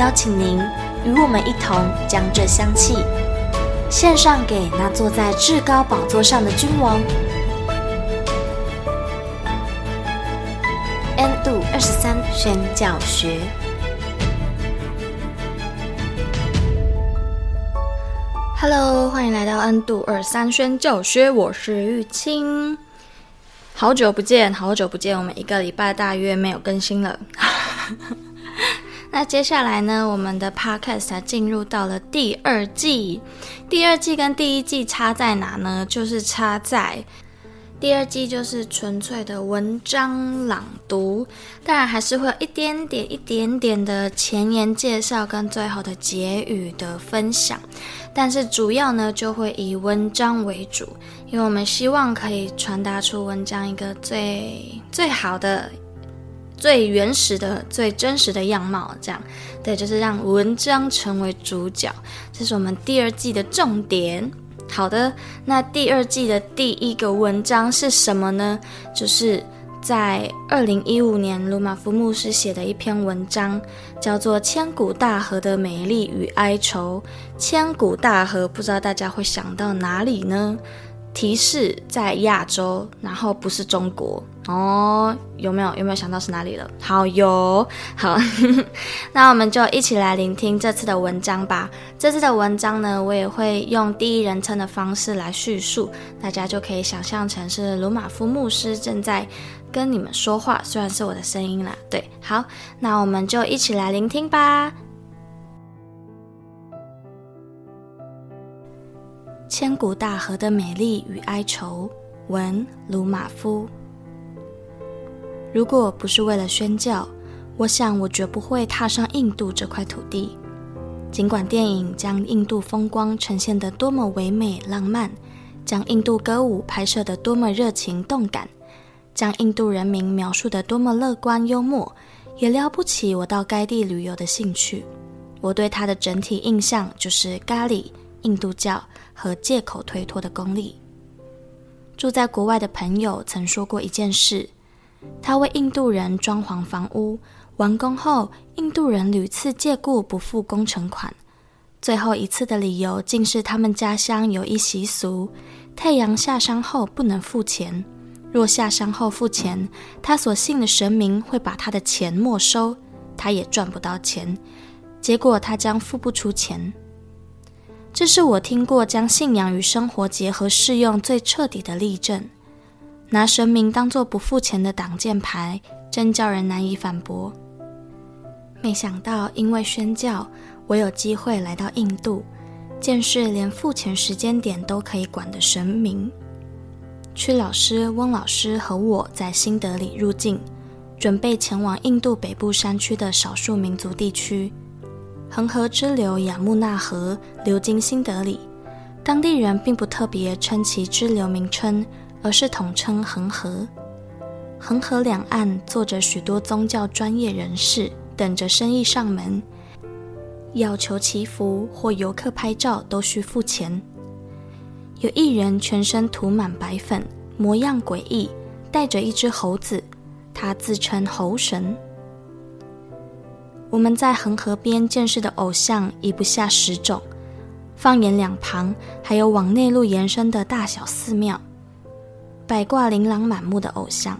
邀請您與我們一同將這香氣獻上給那坐在至高寶座上的君王。N 度二十三宣教學，Hello，歡迎來到 N 度二十三宣教學，我是玉清，好久不見，好久不見，我們一個禮拜大約沒有更新了。 那接下來呢，我們的 podcast 啊，進入到了第二季。第二季跟第一季差在哪呢？就是差在第二季就是純粹的文章朗讀，當然還是會有一點點、一點點的前言介紹跟最後的結語的分享，但是主要呢就會以文章為主，因為我們希望可以傳達出文章一個最最好的。最原始的，最真實的樣貌，這樣，對，就是讓文章成為主角，這是我們第二季的重點。好的，那第二季的第一個文章是什麼呢？就是在二零一五年魯瑪夫牧師寫的一篇文章，叫做《千古大河的美麗與哀愁》。千古大河，不知道大家會想到哪裡呢？提示在亞洲，然後不是中國哦，有沒有，有沒有想到是哪裡了？好喲，好， 那我們就一起來聆聽這次的文章吧。這次的文章呢，我也會用第一人稱的方式來敘述，大家就可以想象成是魯馬夫牧師正在跟你們說話，雖然是我的聲音啦。對，好，那我們就一起來聆聽吧。千古大河的美麗與哀愁，文魯瑪夫。如果不是為了宣教，我想我絕不會踏上印度這塊土地。儘管電影將印度風光呈現得多麼唯美浪漫，將印度歌舞拍攝得多麼熱情動感，將印度人民描述得多麼樂觀幽默，也撩不起我到該地旅遊的興趣。我對它的整體印象就是咖喱。印度教和借口推脫的功力。住在國外的朋友曾說過一件事：他為印度人裝潢房屋，完工後，印度人屢次借故不付工程款。最後一次的理由竟是他們家鄉有一習俗：太陽下山後不能付錢，若下山後付錢，他所信的神明會把他的錢沒收，他也賺不到錢，結果他將付不出錢。這是我聽過將信仰與生活結合適用最徹底的例證，拿神明當作不付錢的擋箭牌，真叫人難以反駁。沒想到因為宣教，我有機會來到印度，見識連付錢時間點都可以管的神明。屈老師、翁老師和我在新德里入境，準備前往印度北部山區的少數民族地區。恆河支流雅穆納河流經新德里，當地人並不特別稱其支流名稱，而是統稱恆河。恆河兩岸坐着許多宗教專業人士，等着生意上門，要求祈福或遊客拍照都需付錢。有一人全身塗滿白粉，模樣詭異，帶着一隻猴子，他自稱猴神。我們在恆河邊見識的偶像已不下十種，放眼兩旁，還有往內陸延伸的大小寺廟，擺掛琳琅滿目的偶像，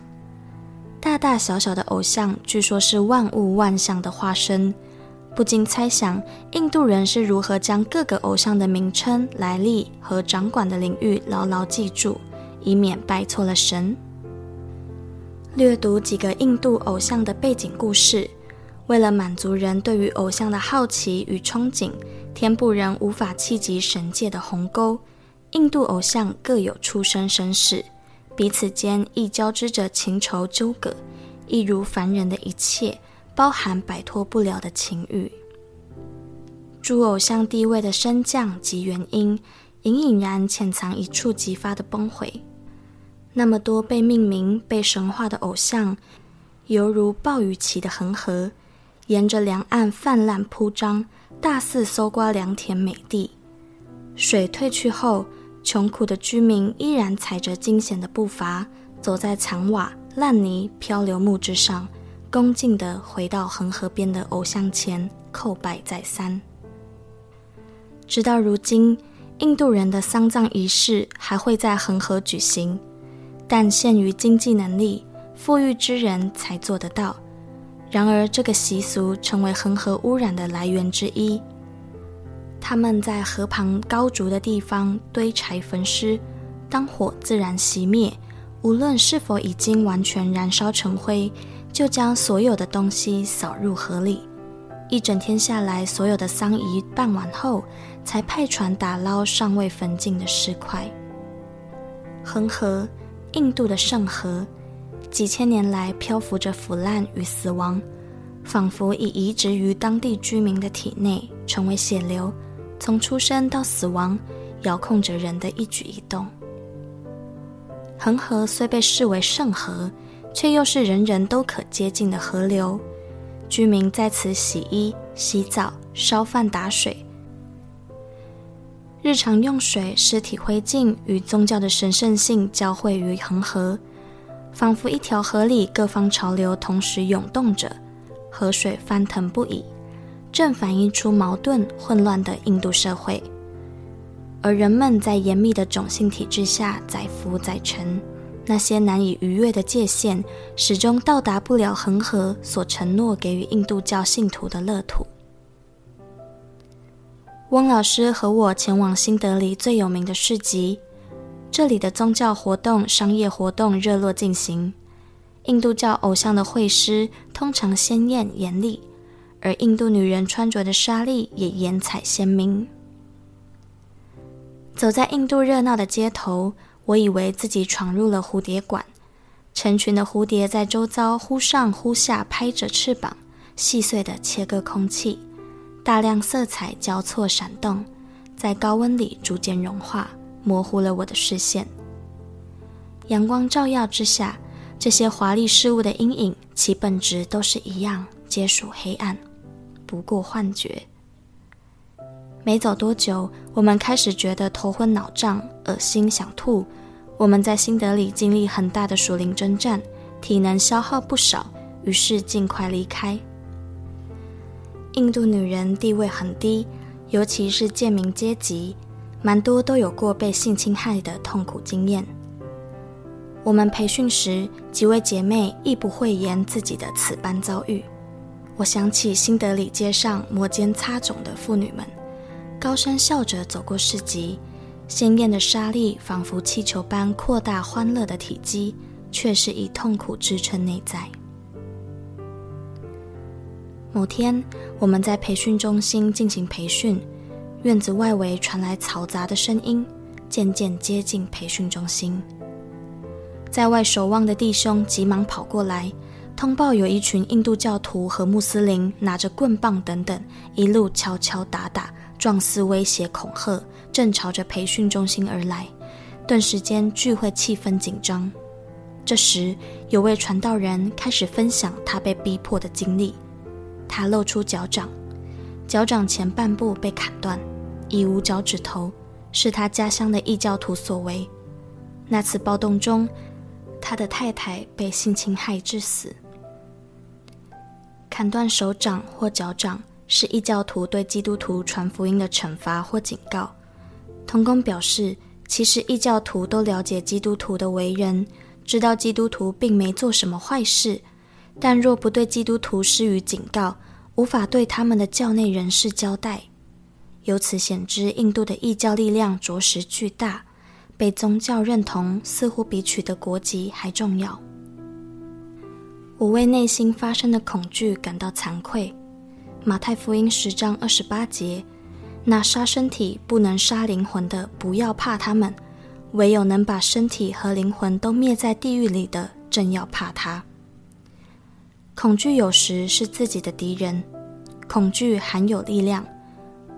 大大小小的偶像，據說是萬物萬象的化身。不禁猜想，印度人是如何將各個偶像的名稱、來歷和掌管的領域牢牢記住，以免拜錯了神。略讀幾個印度偶像的背景故事。為了滿足人對於偶像的好奇與憧憬，填補人無法企及神界的鴻溝，印度偶像各有出生身世，彼此間亦交織着情仇糾葛，一如凡人的一切，包含擺脫不了的情欲。諸偶像地位的升降及原因，隱隱然潛藏一觸即發的崩潰。那麼多被命名、被神化的偶像，猶如暴雨期的恆河。沿着兩岸泛濫鋪張，大肆搜刮良田美地。水退去後，窮苦的居民依然踩着驚險的步伐，走在殘瓦爛泥、漂流木之上，恭敬地回到恆河邊的偶像前叩拜再三。直到如今，印度人的喪葬儀式還會在恆河舉行，但限於經濟能力，富裕之人才做得到。然而，這個習俗成為恆河污染的來源之一。他們在河旁高竹的地方堆柴焚屍，當火自然熄滅，無論是否已經完全燃燒成灰，就將所有的東西掃入河裡。一整天下來，所有的喪儀辦完後，才派船打撈尚未焚盡的屍塊。恆河，印度的聖河。幾千年來漂浮着腐爛與死亡，仿佛已移植於當地居民的體內，成為血流，從出生到死亡，遙控着人的一舉一動。恆河雖被視為聖河，卻又是人人都可接近的河流，居民在此洗衣、洗澡、燒飯、打水，日常用水、屍體灰燼與宗教的神聖性交匯於恆河。仿佛一條河裡，各方潮流同時湧動着，河水翻騰不已，正反映出矛盾混亂的印度社會。而人們在嚴密的種姓體制下載浮載沉，那些難以逾越的界限，始終到達不了恆河所承諾給予印度教信徒的樂土。汪老師和我前往新德裡最有名的市集。這裡的宗教活動、商業活動熱絡進行。印度教偶像的繪飾通常鮮豔豔麗，而印度女人穿着的紗麗也顏彩鮮明。走在印度熱鬧的街頭，我以為自己闖入了蝴蝶館。成群的蝴蝶在周遭忽上忽下拍着翅膀，細碎地切割空氣，大量色彩交錯閃動，在高溫裡逐漸融化，模糊了我的視線。陽光照耀之下，這些華麗事物的陰影，其本質都是一樣，皆屬黑暗，不過幻覺。沒走多久，我們開始覺得頭昏腦脹、惡心想吐。我們在新德里經歷很大的屬靈征戰，體能消耗不少，於是儘快離開。印度女人地位很低，尤其是賤民階級。蠻多都有過被性侵害的痛苦經驗。我們培訓時，幾位姐妹亦不諱言自己的此般遭遇。我想起新德裡街上摩肩擦踵的婦女們，高聲笑着走過市集，鮮豔的紗麗仿佛氣球般擴大歡樂的體積，卻是以痛苦支撐內在。某天，我們在培訓中心進行培訓。院子外圍傳來嘈雜的聲音，漸漸接近培訓中心。在外守望的弟兄急忙跑過來通報，有一群印度教徒和穆斯林拿着棍棒等等，一路敲敲打打，狀似威脅恐嚇，正朝着培訓中心而來。頓時間，聚會氣氛緊張。這時，有位傳道人開始分享他被逼迫的經歷，他露出腳掌，腳掌前半部被砍斷。已無腳趾頭，是他家鄉的異教徒所為。那次暴動中，他的太太被性侵害致死。砍斷手掌或腳掌，是異教徒對基督徒傳福音的懲罰或警告。同工表示，其實異教徒都了解基督徒的為人，知道基督徒並沒做什麼壞事，但若不對基督徒施予警告，無法對他們的教內人士交代。由此顯知，印度的異教力量着實巨大，被宗教認同似乎比取得國籍還重要。我為內心發生的恐懼感到慚愧。馬太福音十章二十八節：“那殺身體不能殺靈魂的，不要怕他們；唯有能把身體和靈魂都滅在地獄裡的，正要怕他。”恐懼有時是自己的敵人，恐懼含有力量。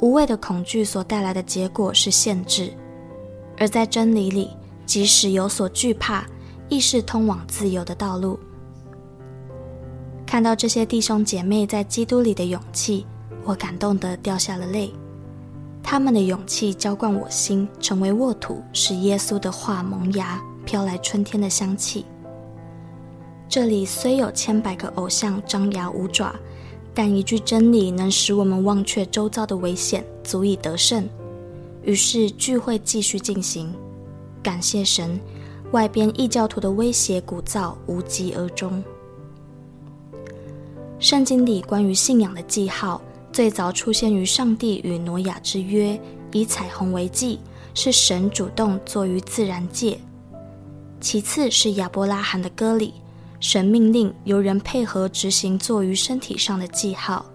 無謂的恐懼所帶來的結果是限制，而在真理裡，即使有所懼怕，亦是通往自由的道路。看到這些弟兄姐妹在基督裡的勇氣，我感動得掉下了淚。他們的勇氣澆灌我心，成為沃土，使耶穌的話萌芽，飄來春天的香氣。這裡雖有千百個偶像張牙舞爪，但一句真理能使我們忘卻周遭的危險，足以得勝。於是聚會繼續進行。感謝神，外邊異教徒的威脅鼓噪無疾而終。聖經裡關於信仰的記號，最早出現於上帝與挪亞之約，以彩虹為記，是神主動作於自然界。其次是亞伯拉罕的割禮。神命令由人配合執行，作於身體上的記號。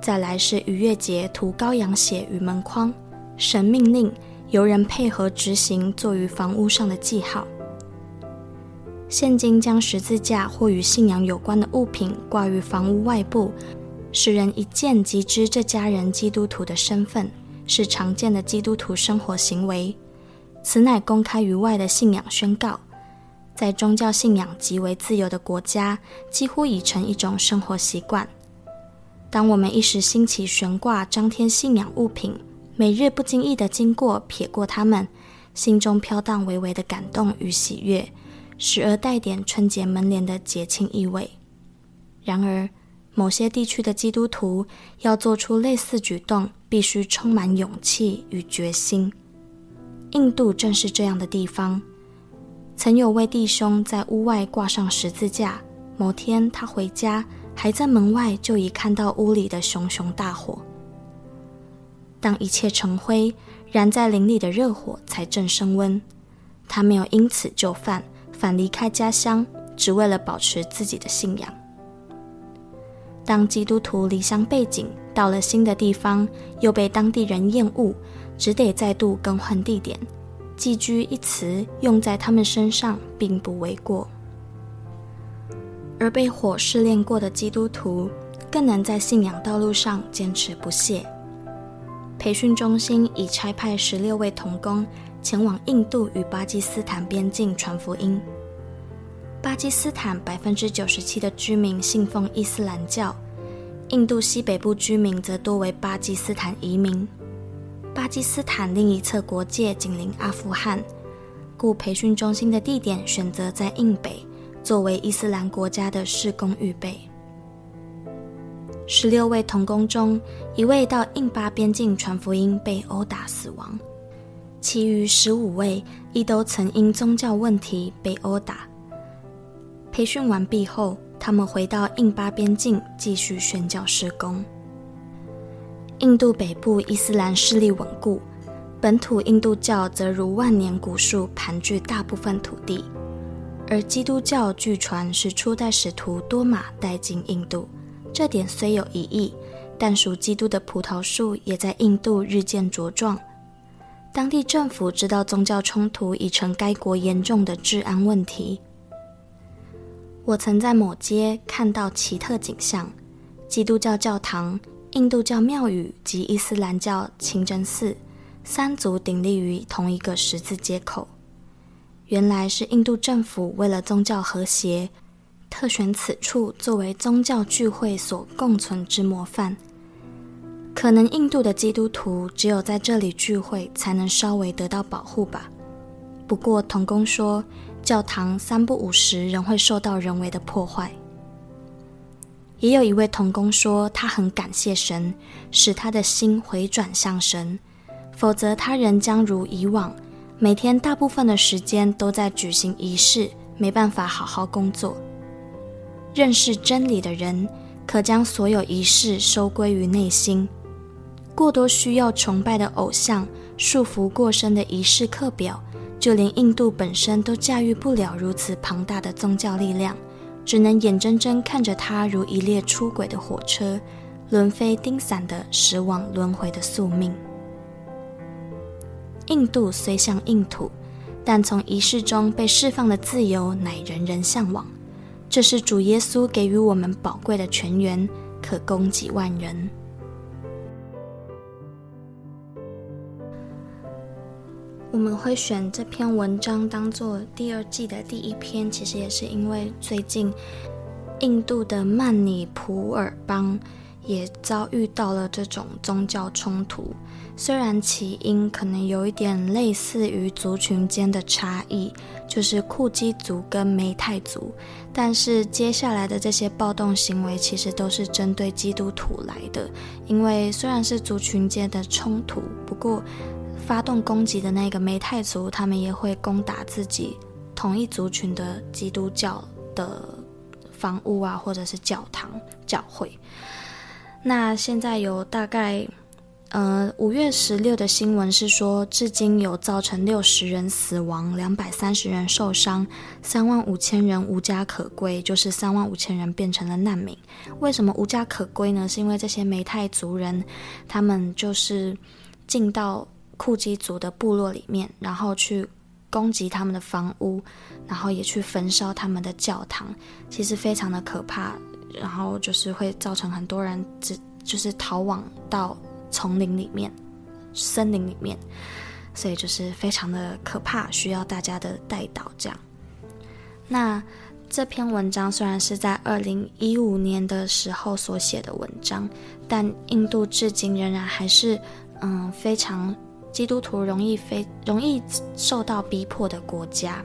再來是逾越節塗羔羊血於門框。神命令由人配合執行，作於房屋上的記號。現今將十字架或與信仰有關的物品掛於房屋外部，使人一見即知這家人基督徒的身份，是常見的基督徒生活行為。此乃公開於外的信仰宣告。在宗教信仰極為自由的國家，幾乎已成一種生活習慣。當我們一時興起懸掛、張貼信仰物品，每日不經意地經過、瞥過它們，心中飄盪微微的感動與喜悅，時而帶點春節門簾的節慶意味。然而，某些地區的基督徒要做出類似舉動，必須充滿勇氣與決心。印度正是這樣的地方。曾有位弟兄在屋外掛上十字架。某天他回家，還在門外就已看到屋裡的熊熊大火。當一切成灰，燃在林裡的熱火才正升溫。他沒有因此就範，反離開家鄉，只為了保持自己的信仰。當基督徒離鄉背井，到了新的地方，又被當地人厭惡，只得再度更換地點。寄居一詞用在他們身上並不為過，而被火試煉過的基督徒更能在信仰道路上堅持不懈。培訓中心已差派十六位同工前往印度與巴基斯坦邊境傳福音。巴基斯坦百分之九十七的居民信奉伊斯蘭教，印度西北部居民則多為巴基斯坦移民。巴基斯坦另一側國界緊鄰阿富汗，故培訓中心的地點選擇在印北，作為伊斯蘭國家的事工預備。十六位同工中，一位到印巴邊境傳福音被毆打死亡，其餘十五位亦都曾因宗教問題被毆打。培訓完畢後，他們回到印巴邊境繼續宣教事工。印度北部伊斯蘭勢力穩固，本土印度教則如萬年古樹，盤踞大部分土地。而基督教據傳是初代使徒多馬帶進印度，這點雖有疑義，但屬基督的葡萄樹也在印度日漸茁壯。當地政府知道宗教衝突已成該國嚴重的治安問題。我曾在某街看到奇特景象：基督教教堂、印度教廟宇及伊斯蘭教清真寺三足鼎立於同一個十字街口，原來是印度政府為了宗教和諧，特選此處作為宗教聚會所共存之模範。可能印度的基督徒只有在這裡聚會，才能稍微得到保護吧。不過，同工說，教堂三不五時仍會受到人為的破壞。也有一位童工說，他很感謝神，使他的心回轉向神，否則他仍將如以往，每天大部分的時間都在舉行儀式，沒辦法好好工作。認識真理的人，可將所有儀式收歸於內心。過多需要崇拜的偶像，束縛過深的儀式課表，就連印度本身都駕馭不了如此龐大的宗教力量。只能眼睜睜看着他如一列出軌的火車，輪飛釘散的駛往輪回的宿命。印度雖像硬土，但從儀式中被釋放的自由乃人人向往。這是主耶穌給予我們寶貴的泉源，可供幾萬人。我們會選這篇文章當做第二季的第一篇，其實也是因為最近印度的曼尼普爾邦也遭遇到了這種宗教衝突。雖然起因可能有一點類似於族群間的差異，就是庫基族跟梅泰族，但是接下來的這些暴動行為其實都是針對基督徒來的。因為雖然是族群間的衝突，不過，發動攻擊的那個梅泰族，他們也會攻打自己同一族群的基督教的房屋啊，或者是教堂、教會。那現在有大概，呃，五月十六的新聞是說，至今有造成六十人死亡，兩百三十人受傷，三萬五千人無家可歸，就是三萬五千人變成了難民。為什麼無家可歸呢？是因為這些梅泰族人，他們就是進到。庫基族的部落裡面，然後去攻擊他們的房屋，然後也去焚燒他們的教堂，其實非常的可怕。然後就是會造成很多人只就是逃往到叢林裡面、森林裡面，所以就是非常的可怕，需要大家的代禱。這樣，那這篇文章雖然是在二零一五年的時候所寫的文章，但印度至今仍然還是嗯非常。基督徒容易非容易受到逼迫的國家。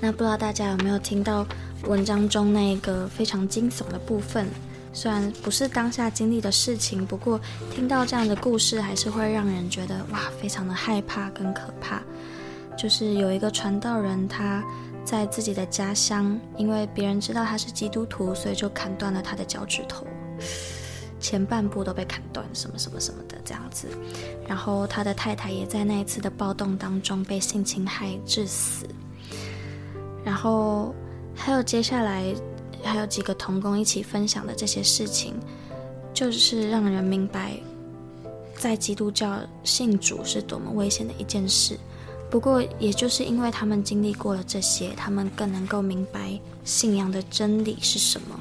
那不知道大家有沒有聽到文章中那一個非常驚悚的部分？雖然不是當下經歷的事情，不過聽到這樣的故事還是會讓人覺得哇，非常的害怕跟可怕。就是有一個傳道人，他在自己的家鄉，因為別人知道他是基督徒，所以就砍斷了他的腳趾頭。前半部都被砍斷，什麼什麼什麼的這樣子，然後他的太太也在那一次的暴動當中被性侵害致死，然後還有接下來還有幾個同工一起分享的這些事情，就是讓人明白，在基督教信主是多麼危險的一件事。不過也就是因為他們經歷過了這些，他們更能夠明白信仰的真理是什麼。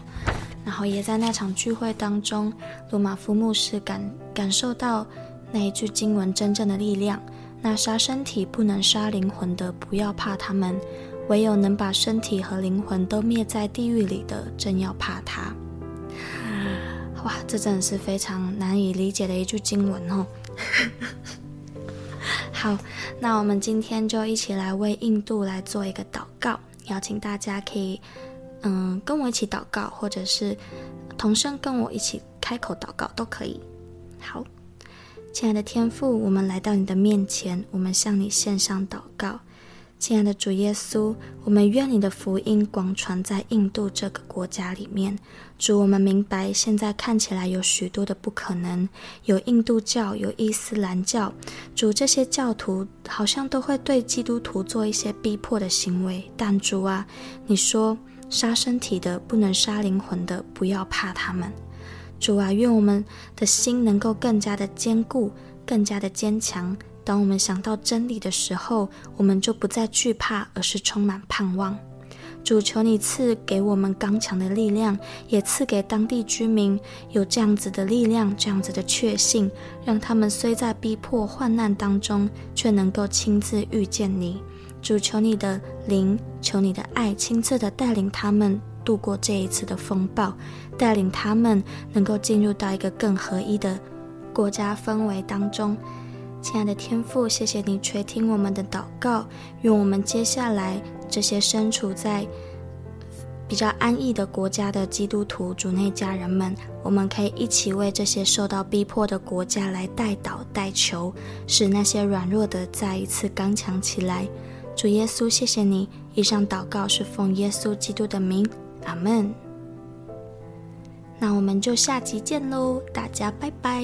然後也在那場聚會當中，魯瑪夫牧師感感受到那一句經文真正的力量：那殺身體不能殺靈魂的，不要怕他們；唯有能把身體和靈魂都滅在地獄裡的，正要怕他。哇，這真的是非常難以理解的一句經文哦。 好，那我們今天就一起來為印度來做一個禱告，邀請大家可以。嗯，跟我一起禱告，或者是同聲跟我一起開口禱告都可以。好，親愛的天父，我們來到你的面前，我們向你獻上禱告。親愛的主耶穌，我們願你的福音廣傳在印度這個國家裡面。主，我們明白現在看起來有許多的不可能，有印度教，有伊斯蘭教。主，這些教徒好像都會對基督徒做一些逼迫的行為，但主啊，你說。殺身體的，不能殺靈魂的，不要怕他們。主啊，願我們的心能夠更加的堅固，更加的堅強。當我們想到真理的時候，我們就不再懼怕，而是充滿盼望。主，求你賜給我們剛強的力量，也賜給當地居民有這樣子的力量，這樣子的確信，讓他們雖在逼迫患難當中，卻能夠親自遇見你。主，求你的靈，求你的愛，親自的帶領他們度過這一次的風暴，帶領他們能夠進入到一個更合一的國家氛圍當中。親愛的天父，謝謝你垂聽我們的禱告，願我們接下來這些身處在比較安逸的國家的基督徒主內家人們，我們可以一起為這些受到逼迫的國家來代禱代求，使那些軟弱的再一次剛強起來。主耶穌，謝謝你。以上禱告是奉耶穌基督的名，阿門。那我們就下集見嘍，大家拜拜。